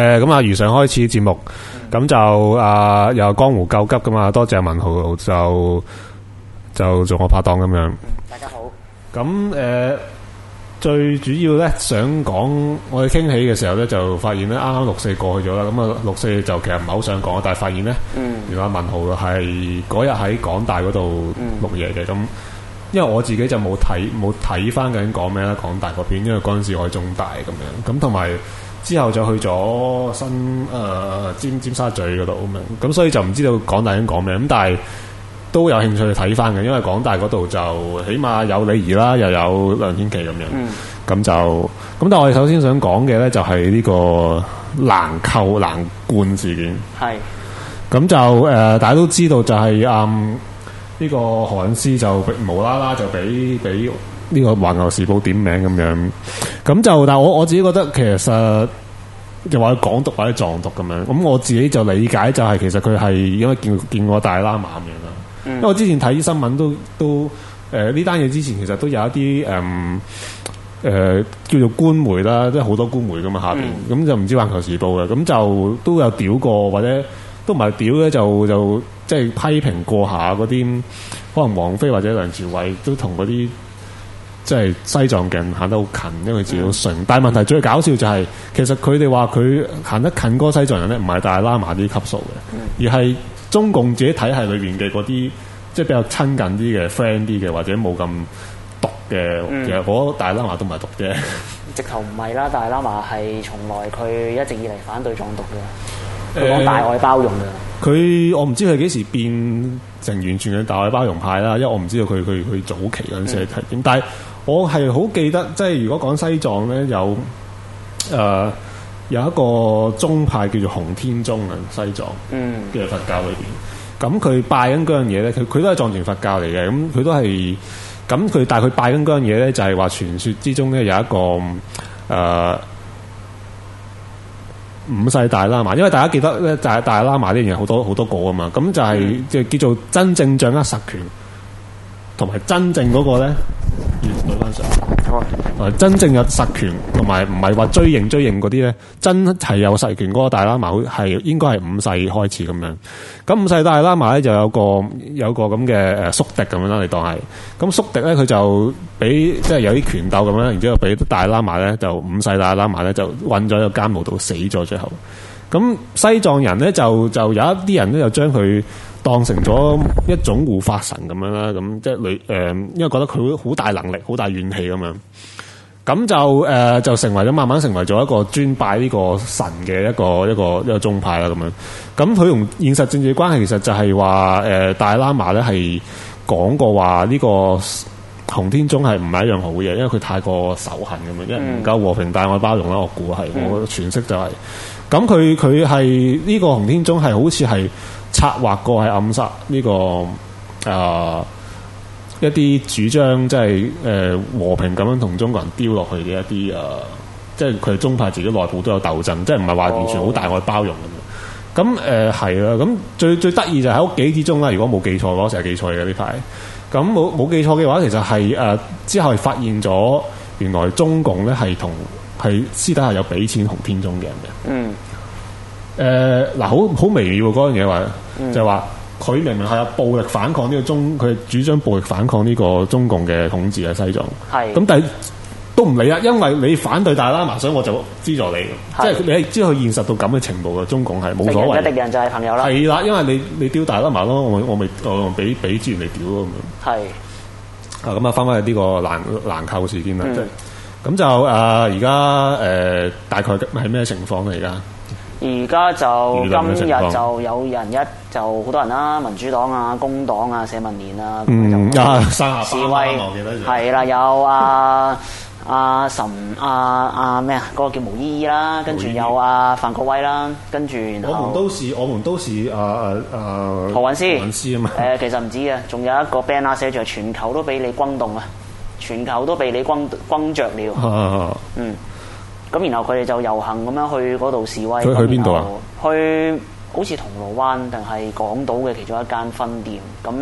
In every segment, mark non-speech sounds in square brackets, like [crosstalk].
誒，咁啊、呃，如常開始節目，咁、嗯、就啊，又、呃、江湖救急噶嘛，多謝文豪，就就做我拍檔咁樣、嗯。大家好。咁誒、呃，最主要咧想講，我哋傾起嘅時候咧，就發現咧，啱啱六四過去咗啦，咁啊，六四就其實唔係好想講，但係發現咧，嗯，原來文豪係嗰日喺港大嗰度錄嘢嘅，咁、嗯、因為我自己就冇睇冇睇翻，究竟講咩啦，港大嗰邊，因為嗰陣時我喺中大咁樣，咁同埋。之後就去咗新誒、呃、尖尖沙咀嗰度咁，咁、嗯、所以就唔知道港大已經講咩咁，但係都有興趣去睇返嘅，因為港大嗰度就起碼有李儀啦，又有梁天琦咁樣，咁、嗯、就咁。但係我哋首先想講嘅咧，就係呢個蘭蔻蘭蔻事件係咁就誒，大家都知道就係、是、嗯呢、這個何韻詩就無啦啦就俾俾。呢個《環球時報》點名咁樣，咁就但係我我自己覺得其實又話佢港獨或者藏獨咁樣，咁我自己就理解就係、是、其實佢係因為見見過大喇嘛咁樣啦。嗯、因為我之前睇新聞都都誒呢單嘢之前其實都有一啲誒誒叫做官媒啦，即係好多官媒咁嘛下邊，咁、嗯、就唔知《環球時報》嘅，咁就都有屌過或者都唔係屌咧，就就即係、就是、批評過下嗰啲可能王菲或者梁朝偉都同嗰啲。即係西藏人行得好近，因為自己純。嗯、但係問題最搞笑就係，嗯、其實佢哋話佢行得近過西藏人咧，唔係，大喇嘛啲級數嘅，嗯、而係中共自己體系裏邊嘅嗰啲，即係比較親近啲嘅、friend 啲嘅，或者冇咁獨嘅。其實、嗯、我大喇嘛都唔係獨嘅，直頭唔係啦。大喇嘛係從來佢一直以嚟反對藏獨嘅，佢講、呃、大愛包容㗎。佢我唔知佢幾時變成完全嘅大愛包容派啦，因為我唔知道佢佢佢早期嗰陣時係點但，但係。我係好記得，即係如果講西藏咧，有誒、呃、有一個宗派叫做雄天宗啊,西藏嘅、嗯、佛教裏邊，咁佢拜緊嗰樣嘢咧，佢佢都係藏傳佛教嚟嘅，咁佢都係咁佢，但係佢拜緊嗰樣嘢咧，就係話傳說之中咧有一個誒、呃、五世大喇嘛，因為大家記得咧大大喇嘛呢樣嘢好多好多個啊嘛，咁就係即係叫做真正掌握實權，同埋真正嗰個咧。真正有實權同埋唔係話追認追認嗰啲呢，真係有實權嗰個大喇嘛，係應該係五世開始咁樣。咁五世大喇嘛呢，就有個有個咁嘅誒宿敵咁樣啦，你當係。咁宿敵呢，佢就俾即係有啲拳鬥咁樣，然之後俾大喇嘛呢，就五世大喇嘛呢，就困咗喺監牢度死咗最後。咁西藏人呢，就就有一啲人呢，就將佢。當成咗一種護法神咁樣啦，咁即係女誒，因為覺得佢好大能力，好大怨氣咁樣，咁就誒、呃、就成為咗，慢慢成為咗一個尊拜呢個神嘅一個一個一個宗派啦，咁樣。咁佢同現實政治關係，其實就係話誒，大喇嘛咧係講過話呢個洪天宗係唔係一樣好嘢，因為佢太過仇恨咁樣，嗯、因為唔夠和平大愛包容啦。我估係、嗯、我詮釋就係、是，咁佢佢係呢個洪天宗係好似係。策劃過喺暗殺呢、這個啊、呃、一啲主張，即係誒、呃、和平咁樣同中國人丟落去嘅一啲啊、呃，即係佢中派自己內部都有鬥爭，哦、即係唔係話完全好大愛包容咁。咁誒係啦，咁、呃、最最得意就喺屋企之中啦。如果冇記錯嘅話，我成日記錯嘅呢排。咁冇冇記錯嘅話，其實係誒、呃、之後發現咗，原來中共咧係同係私底下有俾錢同天中嘅人嘅。嗯。誒，嗱、呃，好好微妙嗰樣嘢，話，嗯、就話佢明明係有暴力反抗呢個中，佢主張暴力反抗呢個中共嘅統治啊，西藏。係。咁但係都唔理啦，因為你反對大喇嘛，所以我就資助你。即係是 你知佢現實到咁嘅程度嘅中共係冇所謂。敵人，人，人就係朋友啦。係啦，因為你你屌大喇嘛咯，我我咪我俾俾資源你屌咯咁。係是。啊，咁啊，返返去呢個蘭蘭蔻事件啦，咁就啊，而家誒，嗯、大概係咩情況嚟噶？而家就今日就有人一就好多人啦、啊，民主黨啊、工黨啊、社民連啊，示威係啦，有阿阿岑阿阿咩啊，嗰、啊啊啊那個叫毛依依啦，衣衣跟住有阿、啊、范國威啦，跟住，我們都是我們都是啊，阿何韻詩，何韻詩啊嘛，誒其實唔止啊，仲有一個 banner 寫住全球都俾你轟動啊，全球都俾你轟俾你轟着了，嗯。 [music] 咁然後佢哋就遊行咁樣去嗰度示威，去邊度？然後去好似銅鑼灣定係港島嘅其中一間分店。咁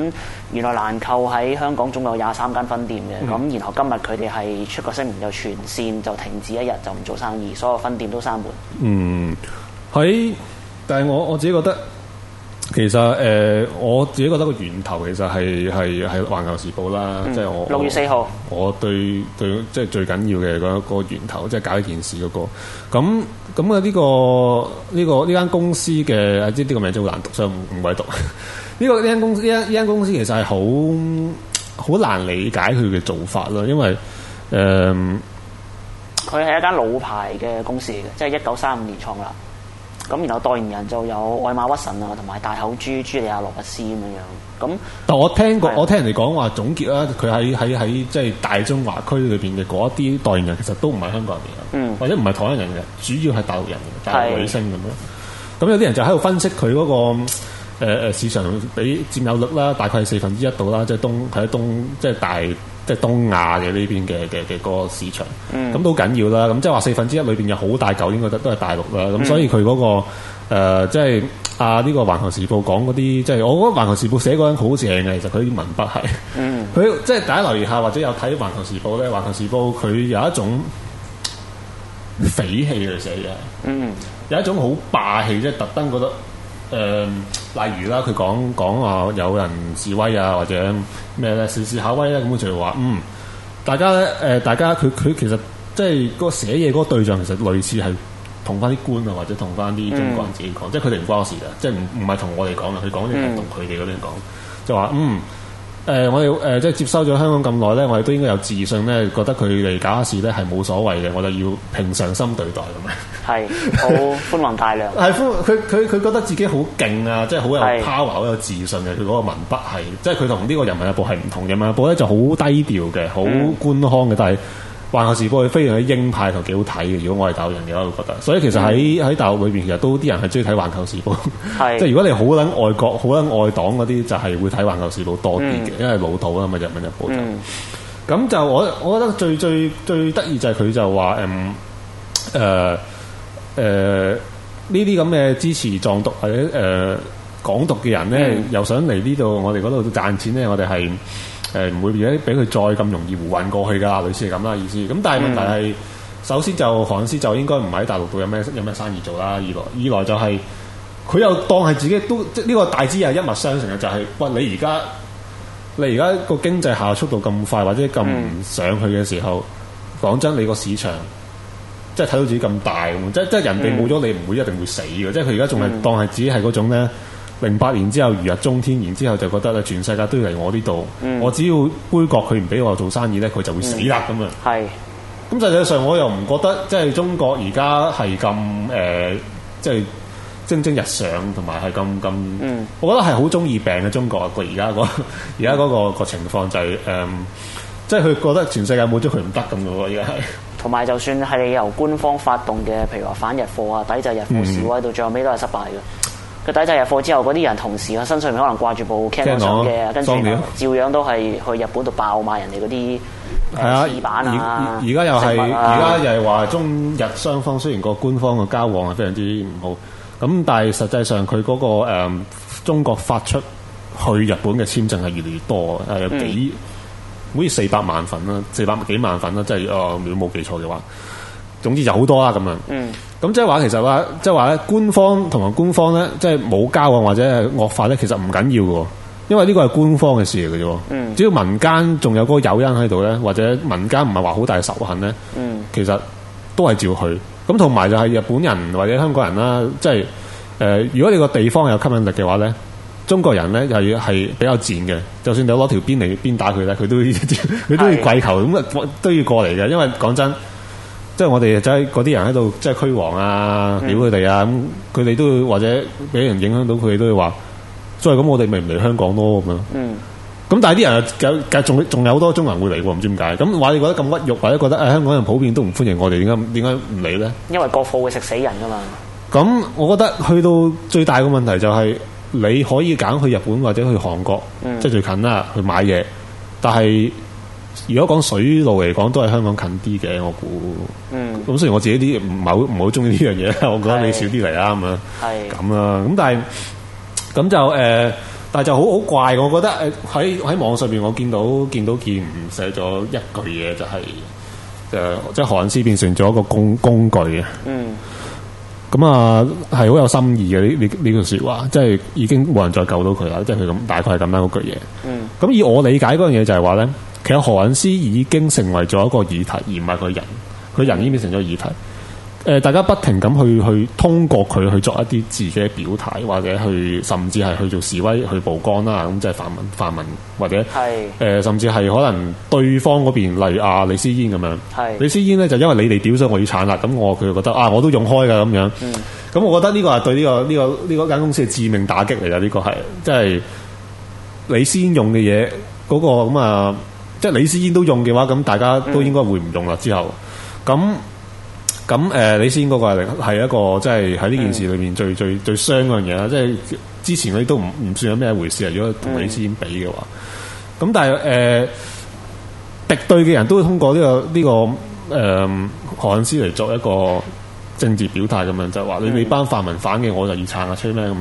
原來蘭蔻喺香港總有廿三間分店嘅。咁、嗯、然後今日佢哋係出個聲明，就全線就停止一日就唔做生意，所有分店都閂門。嗯，喺但係我我自己覺得。其實誒、呃，我自己覺得個源頭其實係係係環球時報啦，嗯、即係我六月四號，我對對即係最緊要嘅一個源頭，即係搞呢件事嗰、嗰個。咁咁嘅呢個呢、呢個呢間、呢個、公司嘅即呢個名字真係好難讀，所以唔唔鬼讀。呢、 [laughs] 呢個呢間、呢個、公司呢呢間公司其實係好好難理解佢嘅做法啦，因為誒，佢、呃、係一間老牌嘅公司嚟嘅，即係一九三五年創立。咁然後代言人就有艾瑪屈臣啊，同埋大口豬朱莉亞羅拔斯咁樣樣。咁但我聽過，是的 我聽人哋講話總結啦，佢喺喺喺即係大中華區裏邊嘅嗰一啲代言人，其實都唔係香港人嚟嘅，嗯、或者唔係台灣人嘅，主要係大陸人嘅大陸女星咁樣。咁是的 有啲人就喺度分析佢嗰、那個誒、呃、市場比佔有率啦，大概係四分之一度啦，即、就、係、是、東喺東即係、就是、大。即係東亞嘅呢邊嘅嘅嘅個市場，咁、嗯、都緊要啦。咁即係話四分之一裏邊有好大嚿，應該得都係大陸啦。咁、嗯、所以佢嗰個即係啊呢個《環、呃就是啊這個、球時報》講嗰啲，即、就、係、是、我覺得《環球時報》寫嗰陣好正嘅。其實佢啲文筆係，佢、嗯、即係大家留意下或者有睇《環球時報》咧，《環球時報》佢有一種匪氣嚟寫嘅，嗯，有一種好霸氣，即係特登覺得。誒、呃，例如啦，佢講講啊，有人示威啊，或者咩咧，試試下威咧，咁佢就話嗯，大家咧，誒、呃，大家佢佢其實即係個寫嘢嗰個對象，其實類似係同翻啲官啊，或者同翻啲中國人自己講、嗯，即係佢哋唔關我事㗎，即係唔唔係同我哋講嘅，佢講嘅係同佢哋嗰邊講，就話嗯。誒、呃、我哋誒、呃、即係接收咗香港咁耐咧，我哋都應該有自信咧，覺得佢哋搞事咧係冇所謂嘅，我就要平常心對待咁樣。係好是 [laughs] 寬宏大量。係寬，佢佢佢覺得自己好勁啊，即係好有 power，好是有自信嘅。佢嗰個文筆係，即係佢同呢個人民日報係唔同嘅嘛。日日報咧就好低調嘅，好官腔嘅，嗯、但係。環球時報係非常之鷹派，同幾好睇嘅。如果我係大陸人嘅話，我覺得。所以其實喺喺、嗯、大學裏邊，其實都啲人係中意睇環球時報。係即係如果你好捻愛國、好捻愛黨嗰啲，就係、是、會睇環球時報多啲嘅，嗯、因為老土啊嘛，人民日報、嗯、就。咁就我我覺得最最最得意就係佢就話，嗯，誒誒呢啲咁嘅支持藏獨或者誒港獨嘅人咧，嗯、又想嚟呢度我哋嗰度賺錢咧，我哋係。誒唔、呃、會而家俾佢再咁容易胡混過去㗎，類似係咁啦意思。咁但係問題係，嗯、首先就房師就應該唔喺大陸度有咩有咩生意做啦。二來二來就係、是、佢又當係自己都即係呢個大致又一,一脈相承嘅，就係、是、喂你而家你而家個經濟下速度咁快，或者咁唔上去嘅時候，講真，你個市場即係睇到自己咁大，即即係人哋冇咗你，唔會一定會死嘅。即係佢而家仲係當係自己係嗰種咧。零八年之後如日中天，然之後就覺得咧，全世界都要嚟我呢度，嗯、我只要杯葛佢唔俾我做生意咧，佢就會死啦咁啊！係、嗯，咁實際上我又唔覺得，即係中國而家係咁誒，即係蒸蒸日上，同埋係咁咁。嗯、我覺得係好中意病嘅中國啊！佢而家嗰而家嗰個情況就係、是、誒、呃，即係佢覺得全世界冇咗佢唔得咁咯。而家係，同埋就算係由官方發動嘅，譬如話反日貨啊、抵制日貨示威，到最後尾都係失敗嘅。嗯佢抵制日貨之後，嗰啲人同時喺身上面可能掛住部 camera 嘅，跟住照樣都係去日本度爆買人哋嗰啲廁板啊！而家又係，而家又係話中日雙方雖然個官方嘅交往係非常之唔好，咁但係實際上佢嗰、嗰個、嗯、中國發出去日本嘅簽證係越嚟越多，有幾、嗯、好似四百萬份啦，四百幾萬份啦，即係誒、呃、如果冇記錯嘅話。總之就好多啦咁樣，咁、嗯、即係話其實話，即係話咧，官方同埋官方咧，即係冇交或者係惡化咧，其實唔緊要嘅，因為呢個係官方嘅事嚟嘅啫。嗯、只要民間仲有嗰個誘因喺度咧，或者民間唔係話好大仇恨咧，嗯、其實都係照去。咁同埋就係日本人或者香港人啦，即係誒、呃，如果你個地方有吸引力嘅話咧，中國人咧又要係比較賤嘅，就算你攞條鞭嚟鞭打佢咧，佢都佢的 [laughs] 都要跪求咁啊，都要過嚟嘅。因為講真。即係我哋就係嗰啲人喺度，即係驅黃啊，屌佢哋啊！咁佢哋都會或者俾人影響到，佢哋都會話。所以咁，我哋咪唔嚟香港囉咁樣。嗯。咁但係啲人仲仲有好多中國人會嚟喎，唔知點解。咁話你覺得咁屈辱，或者覺得誒、哎、香港人普遍都唔歡迎我哋，點解點解唔嚟咧？為呢因為國貨會食死人噶嘛。咁我覺得去到最大嘅問題就係你可以揀去日本或者去韓國，嗯、即係最近啦去買嘢，但係。如果講水路嚟講，都係香港近啲嘅，我估。嗯。咁雖然我自己啲唔係好唔係好中意呢樣嘢，我覺得你少啲嚟啦咁樣。係。咁啊，咁但係咁就誒、呃，但係就好好怪，我覺得誒喺喺網上邊我見到見到見唔寫咗一句嘢，就係，就係、係、就即、係、係何韻詩變成咗一個工工具啊。嗯。咁啊，係好有心意嘅呢呢呢句說話，即係已經冇人再救到佢啦，即係佢咁大概係咁樣，嗰句嘢。嗯。咁以我理解嗰樣嘢就係話咧，其實何韻詩已經成為咗一個議題，而唔係佢人，佢人已經變成咗議題。誒，大家不停咁去去通過佢去作一啲自己嘅表態，或者去甚至係去做示威，去曝光啦，咁即係泛民泛民，或者誒是、呃，甚至係可能對方嗰邊例如阿、啊、李思嫣咁樣。是李思嫣呢，就因為你哋屌咗我要鏟啦，咁我佢覺得啊，我都用開噶咁樣。咁、嗯、我覺得呢個係對呢、這個呢、這個呢間、這個這個、公司嘅致命打擊嚟噶，呢、這個係即係李思嫣用嘅嘢，嗰、那個咁啊、那個，即係李思嫣都用嘅話，咁大家都應該會唔用啦。嗯、之後咁。咁誒，李先嗰個係一個即係喺呢件事裏面最、mm. 最最傷嗰樣嘢啦，即係之前嗰啲都唔唔算有咩一回事呀，如果同李先比嘅話。咁、mm. 但係誒，敵、呃、對嘅人都會通過呢、這個呢、這個誒何韻詩嚟作一個政治表態咁樣，就係、是、話、mm. 你你班泛民反嘅我就要撐阿崔咩咁樣。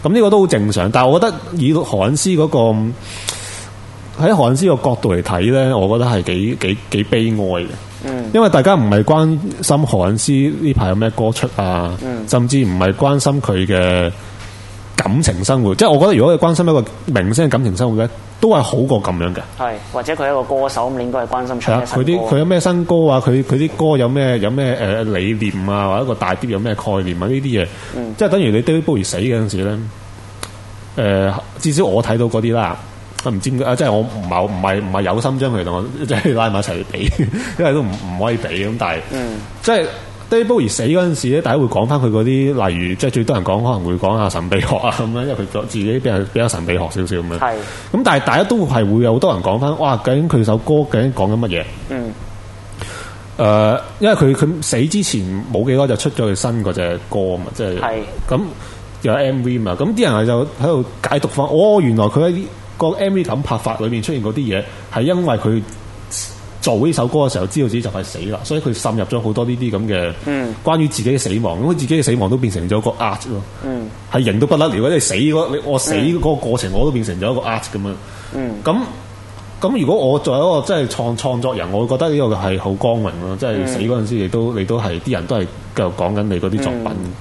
咁呢、這個都好正常，但係我覺得以何韻詩嗰個喺何韻詩個角度嚟睇咧，我覺得係幾幾幾悲哀嘅。因為大家唔係關心何韻詩呢排有咩歌出啊，嗯、甚至唔係關心佢嘅感情生活。嗯、即係我覺得，如果係關心一個明星嘅感情生活咧，都係好過咁樣嘅。係或者佢一個歌手咁，你應該係關心出。係啊，佢啲佢有咩新歌啊？佢佢啲歌有咩有咩誒、呃、理念啊？或者一個大碟有咩概念啊？呢啲嘢，嗯、即係等於你 d i 不如死嘅陣時咧。誒、呃，至少我睇到嗰啲啦。唔知唔，即係我唔係唔係唔係有心將佢同我即係拉埋一齊去比，因為都唔唔可以比咁。但係、嗯、即係是 Day Boy 死嗰陣時咧，大家會講翻佢嗰啲，例如即係最多人講可能會講下神秘學啊咁樣，因為佢自己比較比較神秘學少少咁樣。咁，是 但係大家都係會有好多人講翻，哇！究竟佢首歌究竟講緊乜嘢？嗯。誒、呃，因為佢佢死之前冇幾多就出咗佢新嗰隻歌啊嘛，即係。咁是 有 M V 嘛？咁啲人就喺度解讀翻，哦，原來佢喺。」個 MV 咁拍法，裏面出現嗰啲嘢，係因為佢做呢首歌嘅時候知道自己就快死啦，所以佢滲入咗好多呢啲咁嘅關於自己嘅死亡。咁自己嘅死亡都變成咗個 art 咯，嗯，係型都不得了，或者死嗰，我死嗰個過程，嗯、我都變成咗一個 art 咁樣，嗯。咁咁如果我作為一個即係創創作人，我會覺得呢個係好光榮咯，即、就、係、是、死嗰陣時，亦都你都係啲人都係繼續講緊你嗰啲作品。嗯嗯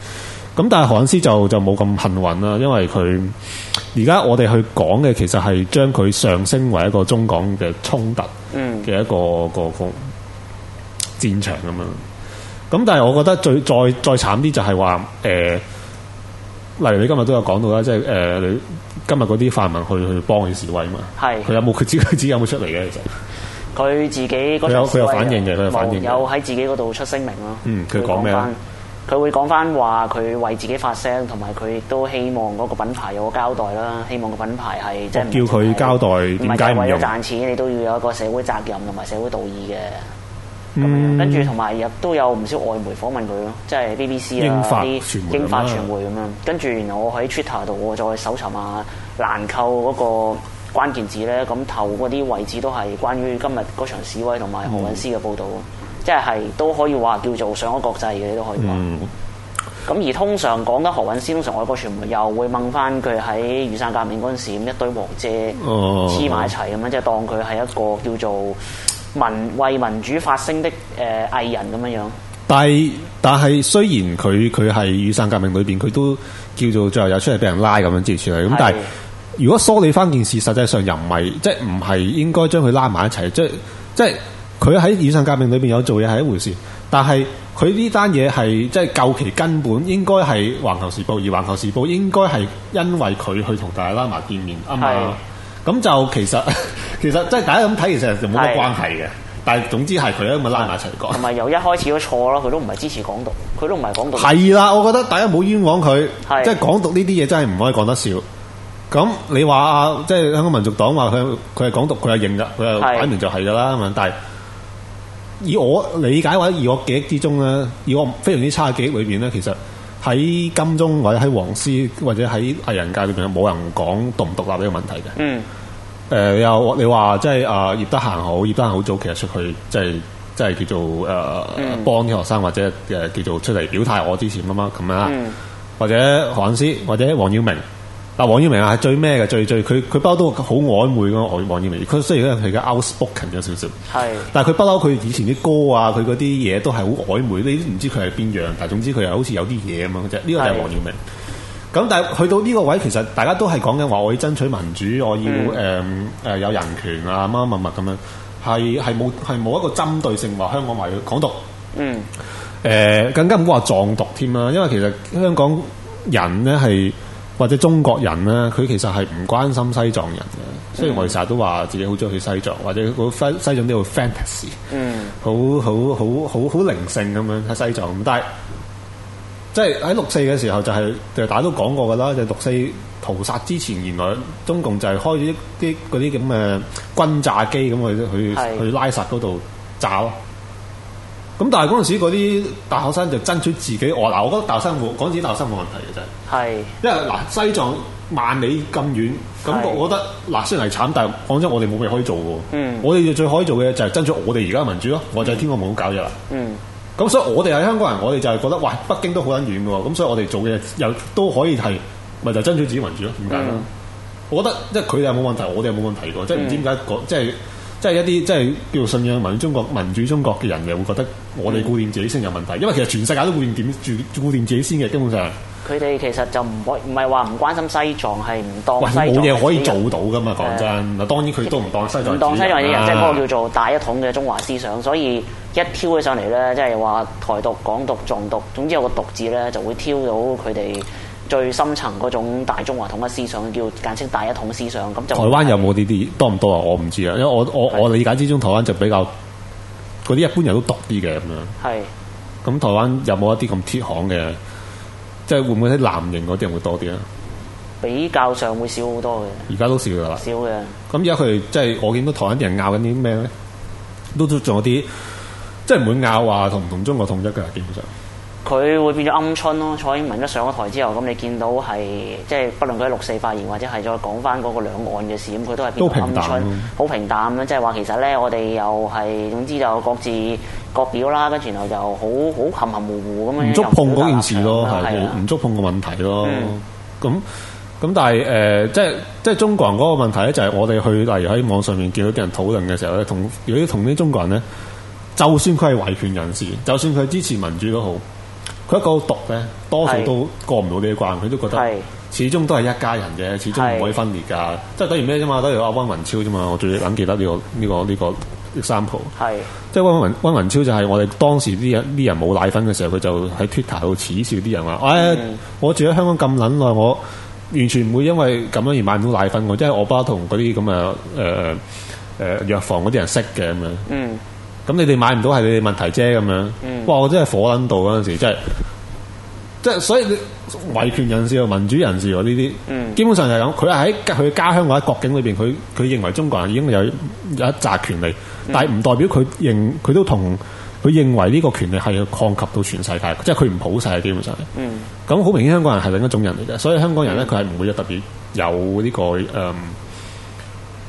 咁但係何韻詩就就冇咁幸運啦，因為佢而家我哋去講嘅其實係將佢上升為一個中港嘅衝突嘅一個、嗯、一個峰戰場咁樣。咁但係我覺得最再再慘啲就係話誒，例如你今日都有講到啦，即係誒、呃，今日嗰啲泛民去去幫佢示威啊嘛，係佢係有冇佢自佢自己有冇出嚟嘅其啫？佢自己嗰場佢有反應嘅，佢有反應有，有喺自己嗰度出聲明咯。嗯，佢講咩？佢會講翻話，佢為自己發聲，同埋佢亦都希望嗰個品牌有個交代啦。希望個品牌係即係叫佢交代點解唔用，唔係為咗賺錢，你都要有一個社會責任同埋社會道義嘅。咁樣，嗯，跟住同埋亦都有唔少外媒訪問佢咯，即係 BBC 啦啲英法傳媒咁樣。跟住然後我喺 Twitter 度，我再搜尋下蘭蔻嗰個關鍵字咧，咁頭嗰啲位置都係關於今日嗰場示威同埋何韻詩嘅報導。嗯即係都可以話叫做上咗國際嘅，都可以話。咁、嗯、而通常講得何韻詩，通常外國傳媒又會掹翻佢喺雨傘革命嗰陣時咁一堆黃遮黐埋一齊咁樣，嗯、即係當佢係一個叫做民為民主發聲的誒、呃、藝人咁樣樣。但係但係雖然佢佢係雨傘革命裏邊，佢都叫做最後有出嚟俾人拉咁樣支持佢。咁是的 但係如果梳理翻件事，實際上又唔係即係唔係應該將佢拉埋一齊，即即係。即佢喺以上革命裏邊有做嘢係一回事，但係佢呢單嘢係即係究其根本應該係《環球時報》，而《環球時報》應該係因為佢去同大喇嘛見面啊嘛。咁是就其實其實即係大家咁睇，其實就冇乜關係嘅。的但係總之係佢喺度拉埋一齊講。同埋由一開始嘅錯咯，佢都唔係支持港獨，佢都唔係港獨。係啦，我覺得大家冇冤枉佢，即係的港獨呢啲嘢真係唔可以講得少。咁你話即係香港民族黨話佢佢係港獨，佢係認噶，佢係擺明就係噶啦。但係以我理解或者以我記憶之中咧，以我非常之差嘅記憶裏邊咧，其實，喺金鐘或者喺黃絲或者喺藝人界裏邊，冇人講獨唔獨立呢個問題嘅。嗯。誒、呃，有你話即係啊，葉德嫻好，葉德嫻好早其實出去即係即係叫做誒、呃嗯、幫啲學生或者誒叫做出嚟表態，我之前吖嘛。咁啊。嗯。或者何韻詩、嗯，或者黃耀明。嗱，黃耀明是的 啊，係最咩嘅？最最佢佢不嬲都好曖昧咁，王黃耀明。佢雖然佢係嘅 outspoken 咗少少，係，但係佢不嬲。佢以前啲歌啊，佢嗰啲嘢都係好曖昧。你都唔知佢係邊樣，但係總之佢又好似有啲嘢咁樣嘅啫。呢個就係黃耀明。咁但係去到呢個位，其實大家都係講緊話，我要爭取民主，我要誒誒、嗯呃呃呃呃、有人權啊，乜乜乜咁樣。係係冇係冇一個針對性話香港話要港獨。嗯。誒、呃，更加唔好話藏獨添啦，因為其實香港人咧係。或者中國人咧，佢其實係唔關心西藏人嘅，雖然我哋成日都話自己好中意去西藏，或者西藏都好 fantasy，嗯，好好好好好靈性咁樣喺西藏，但係即係喺六四嘅時候就係、是、就大家都講過噶啦，就是、六四屠殺之前原來、嗯、中共就係開咗一啲嗰啲咁嘅軍炸機咁去去是去拉薩嗰度炸咯。咁但係嗰陣時嗰啲大學生就爭取自己我嗱，我覺得大學生講自己大學生冇問題嘅真係，是 因為嗱西藏萬里咁遠，咁我是 覺得嗱雖然係慘，但係講真，我哋冇咩可以做嘅、嗯、我哋最可以做嘅就係爭取我哋而家民主咯，我就係天安門搞嘢啦，咁、嗯、所以我哋係香港人，我哋就係覺得哇，北京都好撚遠嘅喎，咁所以我哋做嘅嘢又都可以係咪就係、爭取自己民主咯？點解、嗯、我覺得即係佢哋係冇問題，我哋係冇問題嘅，即係唔知點解、嗯、即係。即係一啲即係叫做信仰民主中國、民主中國嘅人，又會覺得我哋顧掂自己先有問題。因為其實全世界都顧掂點住顧掂自己先嘅，基本上佢哋其實就唔關唔係話唔關心西藏係唔當西藏冇嘢可以做到噶嘛，講真嗱，呃、當然佢都唔當西藏唔當西藏嘅人，即係嗰個叫做大一統嘅中華思想。所以一挑起上嚟咧，即係話台獨、港獨、藏獨，總之有個獨字咧，就會挑到佢哋。最深層嗰種大中華統一思想，叫簡稱大一統思想，咁就台灣有冇呢啲多唔多啊？我唔知啊，因為我我係。我理解之中，台灣就比較嗰啲一般人都獨啲嘅咁樣。係。咁台灣有冇一啲咁鐵行嘅，即係會唔會喺藍營嗰啲人會多啲啊？比較上會少好多嘅。而家都少噶啦。少嘅。咁而家佢哋，即係我見到台灣啲人拗緊啲咩咧？都仲有啲，即係唔會拗話同唔同中國統一嘅，基本上。佢會變咗鵪鶉咯。蔡英文一上咗台之後，咁你見到係即係，不論佢喺六四發言，或者係再講翻嗰個兩岸嘅事，咁佢都係變鵪鶉。好平淡咯，即係話其實咧，我哋又係總之就各自各表啦，跟住然後就好好含含糊糊咁樣。唔觸碰嗰件事咯，係唔觸碰個問題咯。咁咁但係誒，即係即係中國人嗰個問題咧，就係我哋去例如喺網上面見到啲人討論嘅時候咧，同如果同啲中國人咧，就算佢係維權人士，就算佢支持民主都好。佢一個毒咧，多數都過唔到呢一關。佢都覺得始終都係一家人嘅，始終唔可以分裂㗎。是 即係等於咩啫嘛？等於阿温雲超啫嘛。我最撚記得呢、呢個呢、呢個呢、呢個 example 是。係，即係温雲温雲超就係我哋當時啲人啲人冇奶粉嘅時候，佢就喺 Twitter 度恥笑啲人話，嗯、哎，我住喺香港咁撚耐，我完全唔會因為咁樣而買唔到奶粉㗎。即係我爸同嗰啲咁嘅誒誒藥房嗰啲人識嘅咁樣。嗯。嗯咁你哋買唔到係你哋問題啫咁樣，哇！我真係火撚到嗰陣時，真、就、係、是，即、就、係、是、所以你維權人士民主人士喎呢啲，嗯、基本上就係咁。佢喺佢家鄉或者國境裏邊，佢佢認為中國人已經有有一紮權利，嗯、但係唔代表佢認佢都同佢認為呢個權利係要擴及到全世界，即係佢唔普世基本上。咁好、嗯、明顯，香港人係另一種人嚟嘅，所以香港人咧佢係唔會特別有呢、呢個誒。嗯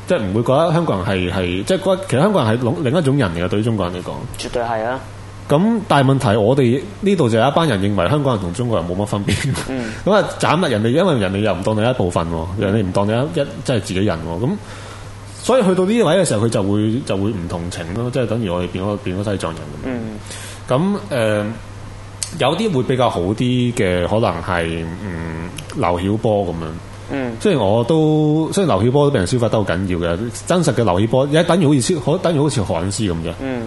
即係唔會覺得香港人係係，即係覺得其實香港人係另一種人嚟嘅，對於中國人嚟講。絕對係啊！咁但係問題我，我哋呢度就有一班人認為香港人同中國人冇乜分別。嗯。咁啊，剷入人哋，因為人哋又唔當你一部分，嗯、人哋唔當你一，即係自己人。咁所以去到呢啲位嘅時候，佢就會就會唔同情咯，即係等於我哋變咗變咗西藏人咁。嗯。咁誒、呃，有啲會比較好啲嘅，可能係嗯劉曉波咁樣。嗯，雖然我都，雖然劉曉波都俾人消費得好緊要嘅，真實嘅劉曉波，而家等於好似可等於好似韻詩咁嘅。嗯，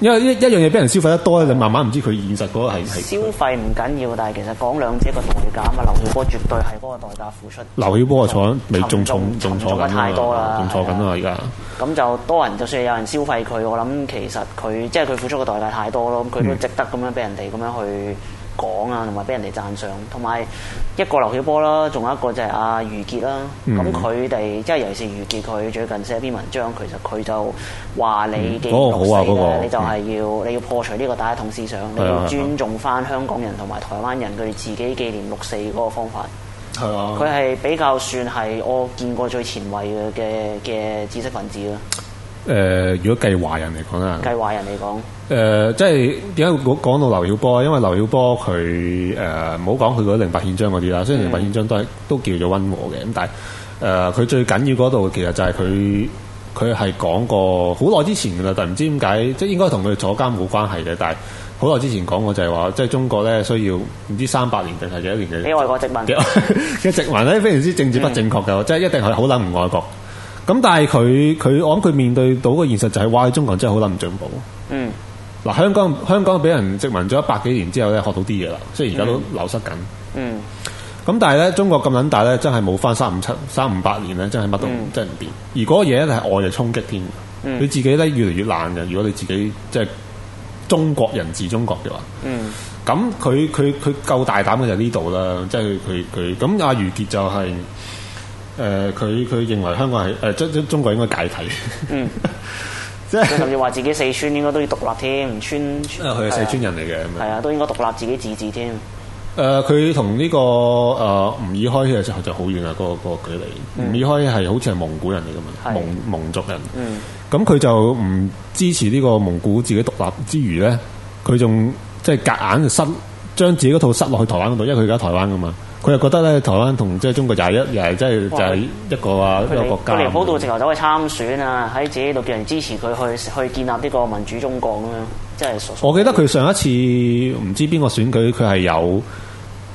因為一一樣嘢俾人消費得多，你慢慢唔知佢現實嗰個係消費唔緊要緊，但係其實講兩者個代價啊嘛，劉曉波絕對係嗰個代價付出。劉曉波啊，太多坐緊未？仲仲仲坐緊啊？仲坐緊啊？而家。咁就多人就算有人消費佢，我諗其實佢即係佢付出嘅代價太多咯，佢都值得咁樣俾人哋咁樣去。嗯講啊，同埋俾人哋讚賞，同埋一個劉曉波啦，仲有一個就係阿余杰啦。咁佢哋即係尤其是余杰，佢最近寫一篇文章，其實佢就話你紀念六四啦，嗯、那個那個、你就係要、嗯、你要破除呢個大一統思想，嗯、你要尊重翻香港人同埋台灣人佢自己紀念六四嗰個方法。係啊、嗯，佢係比較算係我見過最前衞嘅嘅知識分子咯。誒、呃，如果計華人嚟講啊，計華人嚟講。誒、呃，即係點解講到劉曉波，因為劉曉波佢唔好講佢個《零、呃、八憲章》嗰啲啦。雖然《零八憲章》都係都叫做温和嘅，咁但係誒，佢、呃、最緊要嗰度其實就係佢佢係講過好耐之前嘅啦，但唔知點解，即係應該同佢坐監冇關係嘅。但係好耐之前講過就係話，即係中國咧需要唔知三百年定係幾多年嘅？你外國殖民嘅，一殖民咧非常之政治不正確嘅，嗯、即係一定係好撚唔愛國。咁但係佢佢我諗佢面對到嘅現實就係、是、話，中國人真係好撚唔進步。嗯。嗱，香港香港俾人殖民咗一百幾年之後咧，學到啲嘢啦，所以而家都流失緊。嗯，咁但係咧，中國咁撚大咧，真係冇翻三五七三五八年咧，真係乜都真係唔變。而嗰個嘢咧係外嚟衝擊添，佢、嗯、自己咧越嚟越爛嘅。如果你自己即係中國人治中國嘅話，嗯，咁佢佢佢夠大膽嘅就呢度啦，即係佢佢咁阿余杰就係、是、誒，佢、呃、佢認為香港係誒、呃，即即中國應該解體。嗯。甚至話自己四川應該都要獨立添，唔穿。佢係、啊、四川人嚟嘅，係麼啊，都應該獨立自己自治添。誒、呃，佢同呢個誒吾爾開嘅時候就好遠啦，嗰、嗰個嗰個距離。吾爾、嗯、開係好似係蒙古人嚟嘅嘛，題是的，蒙蒙族人。嗯，咁佢就唔支持呢個蒙古自己獨立之餘咧，佢仲即係夾硬塞將自己嗰套塞落去台灣嗰度，因為佢而家台灣噶嘛。佢又覺得咧，台灣同即係中國廿一又係即係就係一個啊們一個國家。佢連跑到直頭走去參選啊，喺自己度叫人支持佢去去建立呢個民主中國咁樣，即係。我記得佢上一次唔知邊個選舉，佢係有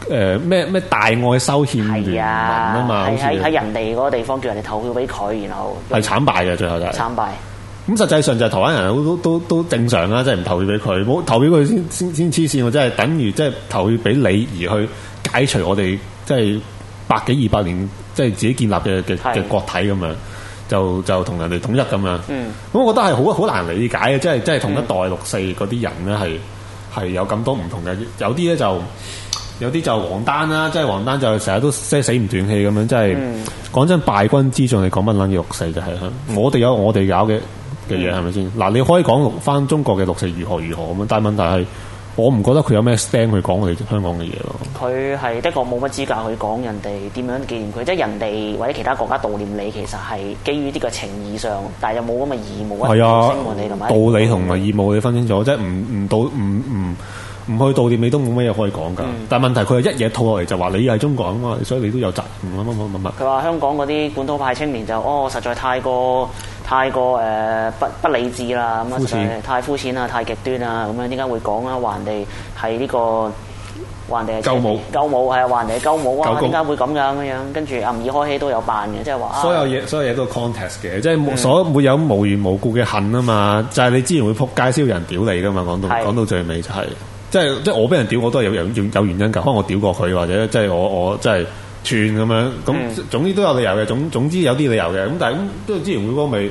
誒咩咩大愛修憲民啊嘛，係喺喺人哋嗰個地方叫人哋投票俾佢，然後係慘敗嘅，最後就係慘敗。咁實際上就係台灣人都都都正常啦，即係唔投票俾佢，冇投票佢先先先黐線喎！即係等於即係投票俾你而去。而去解除我哋即係百幾二百年，即係自己建立嘅嘅嘅國體咁樣，就就同人哋統一咁樣。咁我、嗯嗯、覺得係好啊，好難理解嘅，即係即係同一代六四嗰啲人咧，係係、嗯、有咁多唔同嘅，有啲咧就，有啲就王丹啦，即係王丹就成日都即死唔斷氣咁樣，即係講、嗯、真敗軍之將你講乜撚六四就係、是，嗯、我哋有我哋搞嘅嘅嘢係咪先？嗱，你可以講翻中國嘅六四如何如何咁樣，但係問題係。我唔覺得佢有咩聲，佢講佢香港嘅嘢咯。佢係的確冇乜資格去講人哋點樣紀念佢，即係人哋或者其他國家悼念你，其實係基於呢個情義上，但係又冇咁嘅義務。係啊的，悼念你同埋。悼念同埋義務，你分清楚，即係唔唔悼唔唔唔去悼念你都冇乜嘢可以講噶。嗯、但係問題佢係一嘢套落嚟就話你又係中國啊嘛，所以你都有責任啊嘛嘛嘛，佢話香港嗰啲本土派青年就哦，實在太過。太過誒不不理智啦，咁誒太膚淺啦，太極端啦，咁樣點解會講啊？話人哋係呢個話人哋係救母，救母係話人哋救母啊？點解會咁噶咁樣？跟住阿吳以開希都有扮嘅，即係話所有嘢，所有嘢都 context 嘅，即係所沒有無緣無故嘅恨啊嘛，就係你之前會撲街，先有人屌你噶嘛。講到講到最尾就係，即係即係我俾人屌，我都係有有有原因噶，可能我屌過佢或者即係我我即係。串咁樣，咁總之都有理由嘅，總總之有啲理由嘅，咁但係咁都係之前會哥未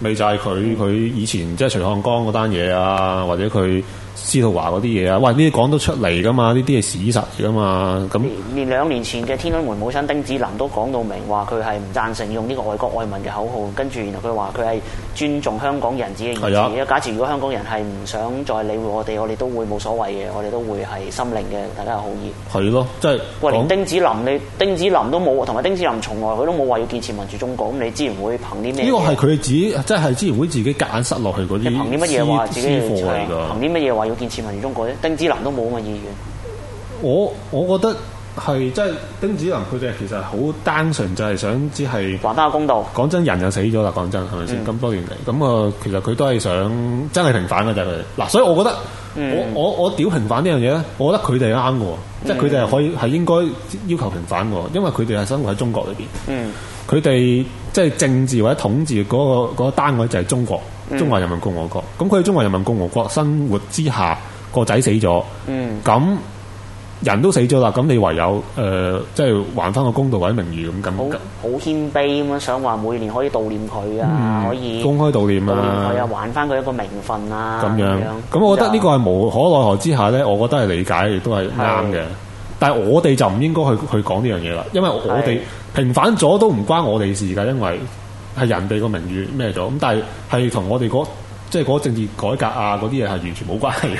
未就係佢佢以前即係、就是、徐漢江嗰單嘢啊，或者佢。司徒華嗰啲嘢啊，喂，呢啲講得出嚟噶嘛，呢啲係事實噶嘛，咁連兩年前嘅天安門母親丁子霖都講到明話，佢係唔贊成用呢個愛國愛民嘅口號，跟住然後佢話佢係尊重香港人自己嘅意思。的假設如果香港人係唔想再理會我哋，我哋都會冇所謂嘅，我哋都會係心領嘅，大家好意。係咯，即係喂，連丁子霖說你丁子霖都冇，同埋丁子霖從來佢都冇話要建設民主中國。咁你支聯會憑啲咩？呢個係佢自己，即係支聯會自己夾硬塞落去嗰啲。你憑啲乜嘢話自己？憑啲乜嘢話？要建設民主中國啫，丁子霖都冇咁嘅意願。我我覺得係真係丁子霖佢哋其實好單純，就係想只係還返個公道。講真，人就死咗啦，講真係咪先？咁、嗯、多年嚟，咁啊，其實佢都係想真係平反嘅啫。佢嗱，所以我覺得、嗯、我我我屌平反呢樣嘢咧，我覺得佢哋啱喎，即係佢哋係可以係應該要求平反嘅，因為佢哋係生活喺中國裏邊。嗯，佢哋即係政治或者統治嗰個嗰個單位就係中國。中華人民共和國，咁佢喺中華人民共和國生活之下，個仔死咗，咁、嗯、人都死咗啦，咁你唯有，誒、呃，即、就、係、是、還翻個公道或者名譽咁，咁好謙卑咁樣，想話每年可以悼念佢啊，嗯、可以公開悼念啊，念還翻佢一個名分啊，咁樣，咁樣我覺得呢個係無可奈何之下咧，我覺得係理解，亦都係啱嘅。是但係我哋就唔應該去去講呢樣嘢啦，因為我哋平反咗都唔關我哋事噶，因為。係人哋個名譽咩咗？咁但係係同我哋嗰，即係嗰政治改革啊嗰啲嘢係完全冇關係。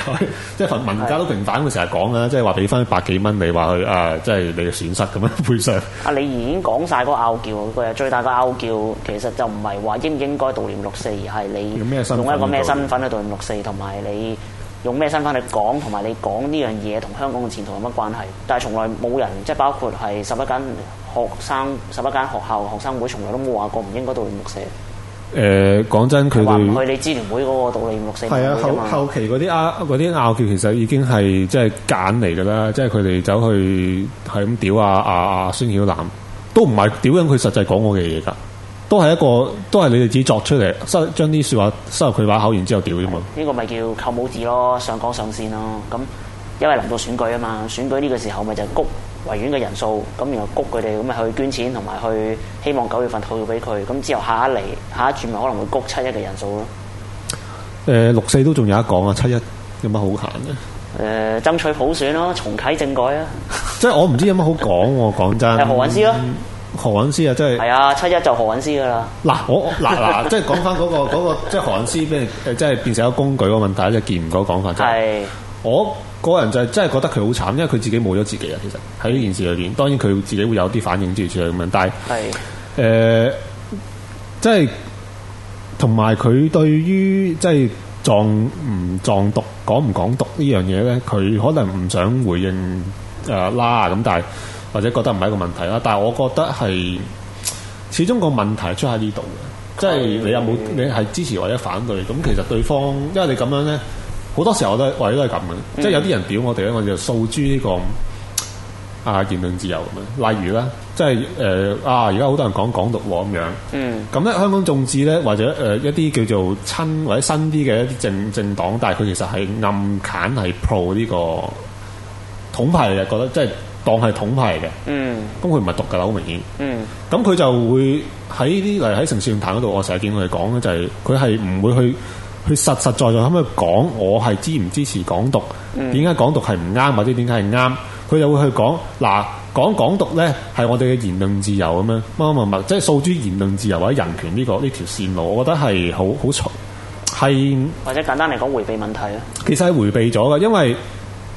即係份文革都平反，佢成日講嘅，即係話俾翻百幾蚊你話佢誒、即係你嘅損失咁樣賠償。阿李已經講晒嗰拗撬，佢最大嘅拗撬其實就唔係話應唔應該悼念六四，而係你用一個咩身份去悼念六四，同埋你。用咩身份去講，同埋你講呢樣嘢同香港嘅前途有乜關係？但係從來冇人，即係包括係十一間學生、十一間學校學生會，從來都冇話過唔應該悼念六四。誒、呃，講真，佢話唔去你支聯會嗰個悼念六四，係啊，後後期嗰啲拗啲拗撬，其實已經係即係夾硬嚟㗎啦，即係佢哋走去係咁屌啊啊啊，啊孫曉南，都唔係屌緊佢實際講我嘅嘢㗎。都係一個，都係你哋自己作出嚟，收將啲說話收入佢話口，然之後屌啫嘛。呢、嗯這個咪叫扣帽子咯，上綱上線咯。咁因為臨到選舉啊嘛，選舉呢個時候咪就谷維園嘅人數，咁然後谷佢哋咁咪去捐錢，同埋去希望九月份投票俾佢。咁之後下一嚟下一轉咪可能會谷七一嘅人數咯。誒、呃，六四都仲有一講啊，七一有乜好行咧？誒、呃，爭取普選咯，重啟政改啊。 [laughs] 即係我唔知有乜好講，講真、呃。何韻詩咯。何韻詩啊，真係係啊，七一就何韻詩噶啦。嗱，我嗱嗱，即係講翻嗰個嗰個，即係、 [laughs] 那個、何韻詩，即係變成一個工具個問題，即係見唔到講法。即係是的 我、個人就係真係覺得佢好慘，因為佢自己冇咗自己啊。其實喺呢件事裏邊，當然佢自己會有啲反應之類咁樣，但係誒是的、呃，即係同埋佢對於即係撞唔撞毒、講唔講毒呢樣嘢咧，佢可能唔想回應誒啦咁，但係。或者覺得唔係一個問題啦，但係我覺得係始終個問題出喺呢度嘅，的即係你有冇你係支持或者反對？咁其實對方因為你咁樣咧，好多時候我都或者都係咁嘅，嗯、即係有啲人表我哋咧，我就訴諸呢個啊言論自由咁樣。例如咧，嗯、即係誒、呃、啊，而家好多人講港獨喎咁樣，嗯，咁咧香港眾志咧或者誒一啲叫做親或者新啲嘅一啲政政黨，但係佢其實係暗砍係 pro 呢、呢個統派嚟嘅，覺得即係。當係統派嚟嘅，咁佢唔係獨噶啦，好明顯。咁佢、嗯、就會喺啲嚟喺城市論壇嗰度，我成日見佢哋講嘅就係佢係唔會去去實實在在咁去講我係支唔支持港獨，點解、嗯、港獨係唔啱或者點解係啱，佢就會去講嗱講港獨咧係我哋嘅言論自由咁樣，乜乜物物即係訴諸言論自由或者人權呢、這個呢條、這個、線路，我覺得係好好錯，或者簡單嚟講，回避問題咧，其實係回避咗嘅，因為。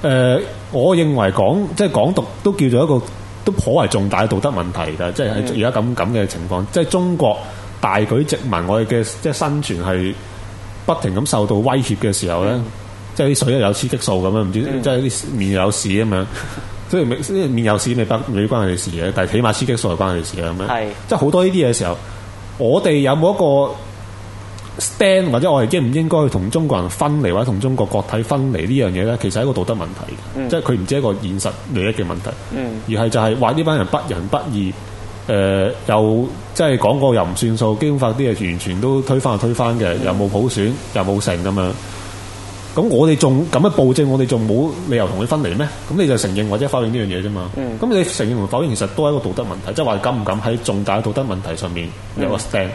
誒、呃，我認為講即係港獨都叫做一個都頗為重大嘅道德問題㗎，即係喺而家咁咁嘅情況，即係中國大舉殖民，我哋嘅即係生存係不停咁受到威脅嘅時候咧，嗯、即係啲水又有雌激素咁樣，唔知、嗯、即係啲麵有屎咁樣，所以麵有屎未必未必關佢哋事嘅，但係起碼雌激素係關佢哋事嘅咁樣。係是 即係好多呢啲嘢時候，我哋有冇一個？stand 或者我哋應唔應該同中國人分離或者同中國國體分離呢樣嘢呢？其實係一個道德問題、嗯、即係佢唔只一個現實利益嘅問題，嗯、而係就係話呢班人不仁不義，誒、呃、又即係講過又唔算數，基本法啲嘢完全都推翻又推翻嘅、嗯，又冇普選又冇成咁樣。咁我哋仲咁樣暴政，我哋仲冇理由同佢分離咩？咁你就承認或者否認呢樣嘢啫嘛。咁、嗯、你承認同否認其實都係一個道德問題，即係話敢唔敢喺重大道德問題上面有一個 stand。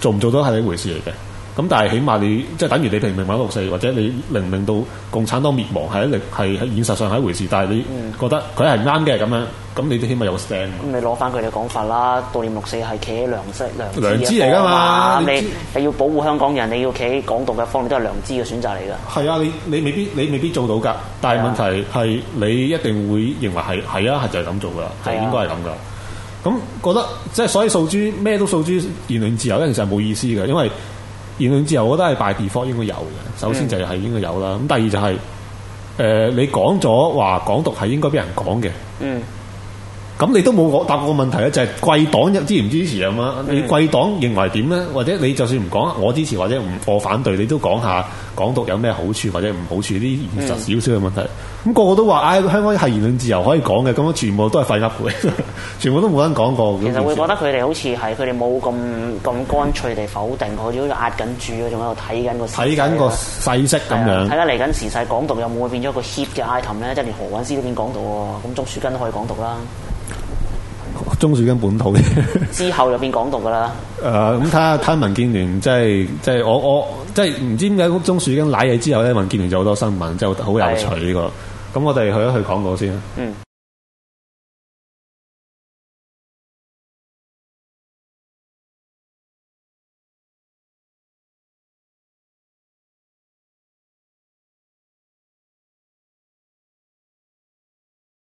做唔做都係一回事嚟嘅，咁但係起碼你即係等於你平唔平反六四，或者你令唔令到共產黨滅亡係一力係喺現實上係一回事，但係你覺得佢係啱嘅咁樣，咁你都起碼有個 stand、嗯。咁你攞翻佢哋嘅講法啦，悼念六四係企喺良識良良知嚟噶嘛？你你要保護香港人，你要企喺港獨嘅方，你都係良知嘅選擇嚟噶。係啊，你你未必你未必做到㗎，但係問題係你一定會認為係係啊，係就係咁做㗎，係、啊、應該係咁㗎。咁覺得即係所以訴諸咩都訴諸言論自由，其實有陣時冇意思嘅。因為言論自由，我覺得係 by default 應該有嘅。首先就係應該有啦。咁、嗯、第二就係、是、誒、呃，你講咗話港獨係應該俾人講嘅。嗯。咁你都冇答我個問題咧，就係、是、貴黨支唔支持啊嘛？你貴黨認為點咧？或者你就算唔講，我支持或者唔我反對，你都講下港獨有咩好處或者唔好處，啲現實少少嘅問題。咁個個都話，唉，香港係言論自由可以講嘅，咁樣全部都係廢噏嘅，全部都冇人講過。其實會覺得佢哋好似係佢哋冇咁咁乾脆地否定，佢好似壓緊住，仲喺度睇緊個睇緊個勢色咁樣。睇、啊啊、下嚟緊時勢，港獨有冇變咗個 hit 嘅 item 咧？即係連何韻詩都變港獨喎，咁鍾樹根都可以港獨啦。鍾樹根本土嘅 [laughs] 之後就變廣告噶啦。誒咁睇下，睇下民建聯即係即係我我即係唔知點解個鍾樹根舐嘢之後咧，民建聯就好多新聞，即係好有趣呢個。咁是的 我哋去一去廣告先。